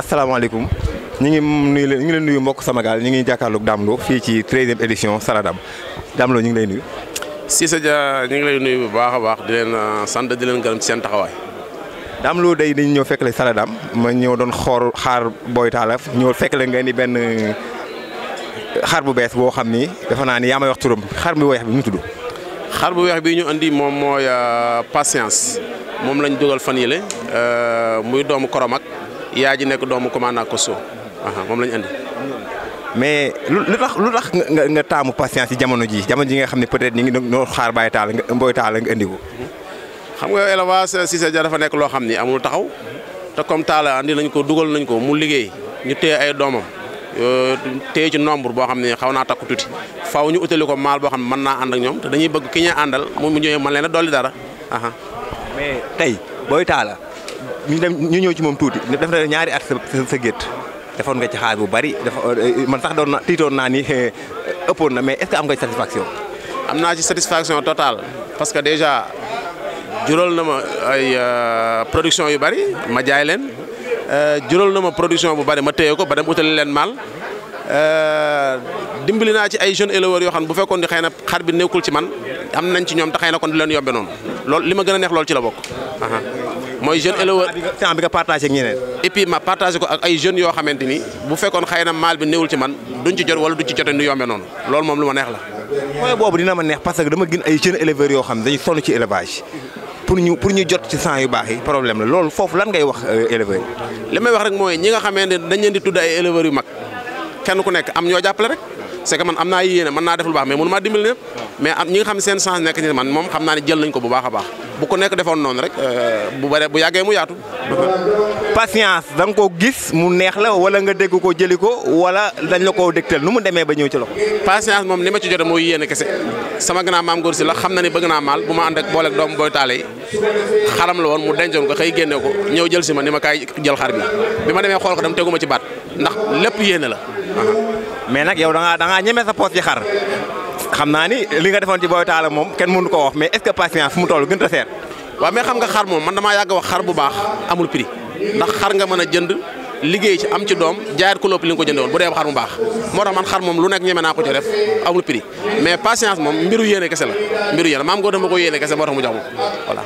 asalaamaaleykum ñu ngi nuyu leen ñu ngi leen nuyu mbokk Samagal ñu ngi jàkkaarloog Dame Lo fii ci treizième édition Saladam Dame Lo ñu ngi lay nuyu. Cissé Dia ñu ngi lay nuyu bu baax a baax di leen euh, sant di leen gërëm ci seen taxawaay. Dame Lo day ñëw fekk la Saladam ma ñëw doon xoor xaar Boy Talla ñëw fekk la nga ni benn euh, xar bu bees boo xam ni dafa naa ni yaa may wax turam xar bu weex bi mu tudd. xar bu weex bi ñu indi moom mooy euh, patience moom lañ dugal fan yële muy doomu Koromak. yaa ji nekk doomu commandant Kosso moom lañu andi. mais lu tax lu tax nga nga taamu patience ci jamono ji jamono ji nga xam ne peut-être ñu ngi doon xaar bàyyi taal nga mbooy taal nga andi ko. xam nga élevage Cissé Dia dafa nekk loo xam ni amul taxaw comme taala andi nañ ko dugal nañ ko mu liggéey ñu téye ay doomam euh, téye ci nombre boo xam ne xaw naa takku tuuti faaw ñu utali ko maal boo xam ne mën naa ànd ak ñoom te dañuy bëgg ki ñuy àndal mu ñëwee mën leen a dolli dara. mais tey booy taala ñu dem ñu ñëw ci moom tuuti def na ñaari at sa gétt defoon nga ci xaar bu bari dafa euh, man sax doon na tiitoon naa ni ëppoon na mais est am nga ci satisfaction. am naa ci satisfaction totale parce que déjà jural na ma ay euh, production yu bari ma jaay leen euh, jural na ma production bu bari ma téye ko ba dem utali leen mal dimbali naa ci ay jeunes éleveurs yoo xam bu fekkoon ni xay na xar bi nekkul ci man am nañ ci ñoom te xëy na kon di leen yombe noonu loolu li gën a loolu ci la bokk. mooy jeune éleveur temps bi nga partagé ak ñeneen et ak ay jeunes yoo xamante ni bu fekkoon xay na maal bi néewul ci man duñ ci jot wala duñ ci jote nu noonu loolu moom lu ma neex la mooy boobu dina ma neex parce que dama gin ay jeunes éleveurs yoo xam ne dañu sonn ci élevage pour ñu pour ñu jot ci sang yu baax yi problème la loolu foofu lan ngay wax euh, éleveurs yi li may wax rek mooy ñi nga xamante ne dañ leen di tudd ay éleveurs yu mag kenn ku nekk am ñoo jàppale rek c'est que man am na yéene mën na def lu baax mais mënu maa dimbali am ñi nga xam ne seen chance nekk ci man moom xam naa jël nañ ko bu baax a baax bu ko nekk defoon noonu rek euh, bu bare bu yàggee mu yaatu patience dang ko gis mu neex la wala nga dégg ko jëli ko wala dañ la ko dektel nu mu demee ba ñew ci loxo. patience mom lima ci jot mooy yene kesse sama grand maam góor si la xamna ni bëgg na mal buma and ak bol ak dom boy talay xaram la won mu dencoon ko xey genné ko ñew jël si ma ni ma kaay jël xar bi bima deme xol ko dam teguma ci baat ndax lepp yene la. mais nak yow da nga da nga sa ci xar xamna ni li nga defon ci boy talay mom kenn mënu ko wax mais est-ce que patience mu tollu gën ta wa mais xam nga xar mom man dama yag wax xar bu baax amul prix ndax xar nga meuna jënd liggéey ci am ci dom jaar ko lopp li nga ko bu dé xar mu baax mo tax man xar mom lu nek ñëmé na ko ci def amul prix mais patience mom mbiru yéene kessé la mbiru yéene maam góor dama ko yéene kese tax mu jox moom voilà.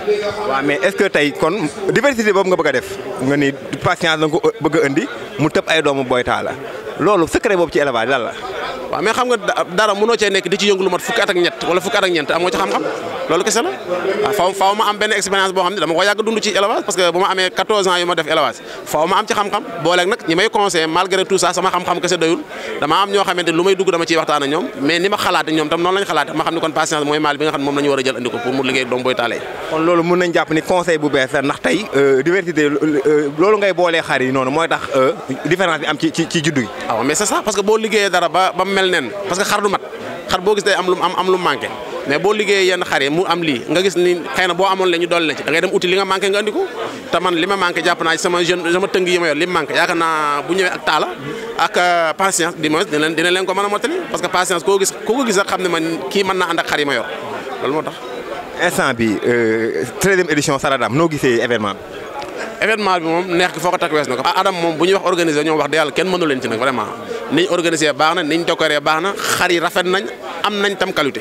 wa mais est-ce que tay kon diversité nga bëgg def nga ni patience la nga ko bëgg a indi mu tepp ay dom boy taala lolu secret boobu ci élevage lan la. wa mais xam nga dara mëno ci nek di ci yëngul mat fukk at ak ñett wala fukk at ak ñeent amoo ci xam-xam. loolu kese la waaw ah, faaw faaw ma am benn expérience boo xam ne dama ko yàgg dund ci élevage parce que bu ma amee 14 ans yu ma def élevage faaw ma am ci xam-xam booleeg nag ñi may conseillé malgré tout ça sama xam-xam kese doyul dama am ñoo xamante lu may dugg dama ciy waxtaan ñoom mais ni ma xalaate ñoom tam noonu lañ xalaate ma xam ne kon patience mooy maal bi nga xam a jël andi ko pour ni euh, euh, euh, ngay boolee xar yi noonu mooy tax différence bi am ci ci juddu gi ah, waaw mais c'est ça parce que boo liggéeyee que xar am lu am am lu manqué mais boo liggéeyee yenn xar yi mu am lii nga gis ni xëy na boo amoon la ñu dolli la ci da ngay dem uti li nga manqué nga andi ko te man jàpp naa sama jeune sama tëng yi ma yor li ma manqué bu ñëwee ak taala ak euh, patience du moins dina dina leen ko mën a mottali parce que patience koo gis koo ko gis rek xam ne man kii mën naa ànd ak xar ma yor loolu moo tax. instant bi euh, treizième édition Saradam noo gisee événement bi. bi moom neex ki foo ko takk wees na ko ah, adam moom bu ñuy wax organisé ñoom kenn mënu leen ci nag vraiment niñ organisé baax na niñ décoré baax na am nañ tam qualité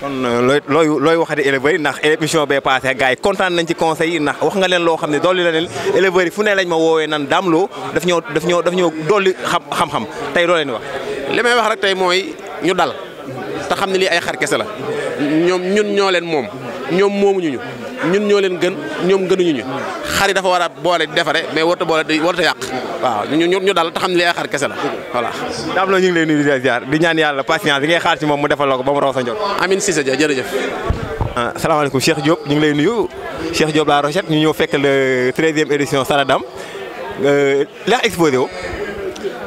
kon euh, looy looy looy waxati éleveurs yi ndax émission be passé gars yi kontaan nañ ci conseil yi ndax wax nga leen loo xam ne dolli la leen éleveurs fu ne lañ ma woowee nan Dame Lo daf ñoo daf ñoo daf ñoo dolli xam-xam tey loo leen wax. li may wax rek tey mooy ñu dal te xam ne lii ay xar kese la ñoom ñun ñoo leen moom ñoom ñu. ñun ñoo leen gën ñom gënuñu ñu xar yi dafa wara boole défaré mais warut boole di warut waaw ñu ñu dal te xam li ay xar kese la voilà. daam loo ñu ngi lay di jaar di ñaan yalla patience di ngay xaar ci mom mu defal lako ba mu raw sa njot. Amine Cissé Dia jërëjëf. Ah, alaykum Cheikh Diop ñu ngi lay nuyu Cheikh Diop La Rochette ñu ñoo fekk le 13e édition Saladam euh la exposé wu.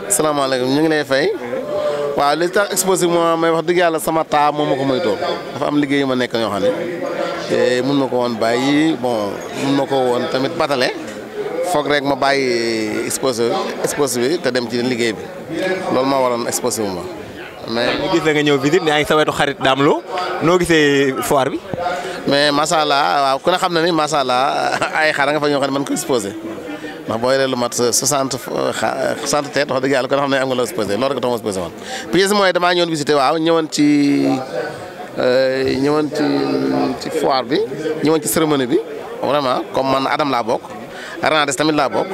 salaamaaleykum ñu ngi lay fay. waaw li tax exposé mo may wax dëgg yalla sama ta momako ma do dafa am liggéey ma nekk ñoo xam te mun ma ko woon bàyyi bon mun ma ko woon tamit batale foog rek ma bàyyi exposé exposé bi te dem ci liggéey bi loolu ma waroon exposé wu ma. mais ñu gis la nga ñëw visite ne yaa ngi sa wetu xarit Dame Lo noo gisee foire bi. mais macha allah waaw ku xam na ni macha allah ay xar nga fa ñoo xam ne mën ko exposé ndax lu mat 60 xa 60 tête wax dëgg yàlla ku ne xam ne am nga Euh, ñëwoon ci ci bi ñëwoon ci cérémonie bi vraiment comme man Adam laa bokk Renades tamit laa bokk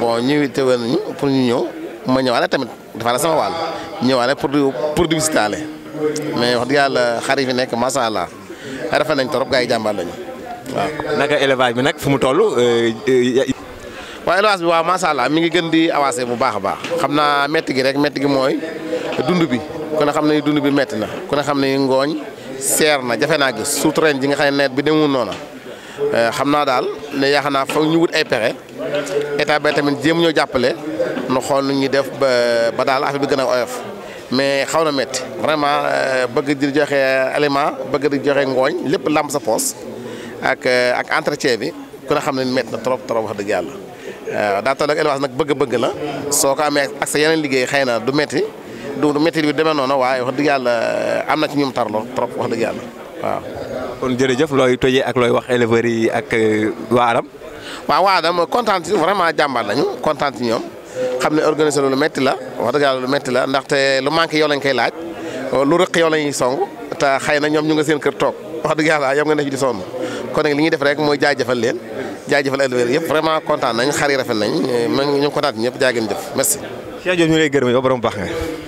bon ñëwi teewal nañu pour ñu ñëw ma ñëwaale tamit defaale sama wàll ñëwaale pour di pour di mais wax dëgg yàlla xar bi nekk macha allah rafet nañ torop gars yi jàmbaar lañu waaw. naka élevage bi nag fu mu toll. Euh, euh, waaw élevage bi waaw macha allah mi ngi gën di avancé bu baax a baax xam naa métti gi rek métti gi mooy dund bi ku ne xam ne dund bi métti na ku ne xam ne ngooñ. seer na jafe naa gis surtout ren ji nga xam ne nawet bi demul noona euh, xam naa daal ne yaakaar naa foog ñu wut ay pexe état bi tamit jéem ñoo jàppale nu xool nu ñuy def ba ba daal affaire bi gën a oyof mais xaw na métti vraiment euh, bëgg di joxe aliment bëgg di joxe ngooñ lépp làmb sa poos ak euh, ak entretien bi ku ne xam ne métti na trop trop wax dëgg yàlla daa toll ak élevage nag bëgg-bëgg la soo ko amee ak sa liggéey xëy na du métti. du du métier bi demee noonu waaye wax dëgg yàlla euh, am na ci ñum tar lool trop wax dëgg yàlla waaw. kon jërëjëf looy tojee ak looy wax éleveurs yi ak euh, waa Adam. waaw waa Adam kontaan ci vraiment jàmbaar lañu kontaan ci ñoom xam ne organiser lu metti la wax dëgg lu métti la ndaxte lu manqué yow lañ koy laaj lu rëq yow lañuy song te xëy na ñoom ñu nga seen kër toog wax dëgg yàlla yow nga nekk di sonn kon nag li ñu def rek mooy jaajëfal leen jaajëfal éleveurs yëpp vraiment kontaan nañ xar yi rafet nañ ñu ngi kontaan ñëpp jaageen jëf merci. Cheikh Diop ñu lay gërëm yow borom baax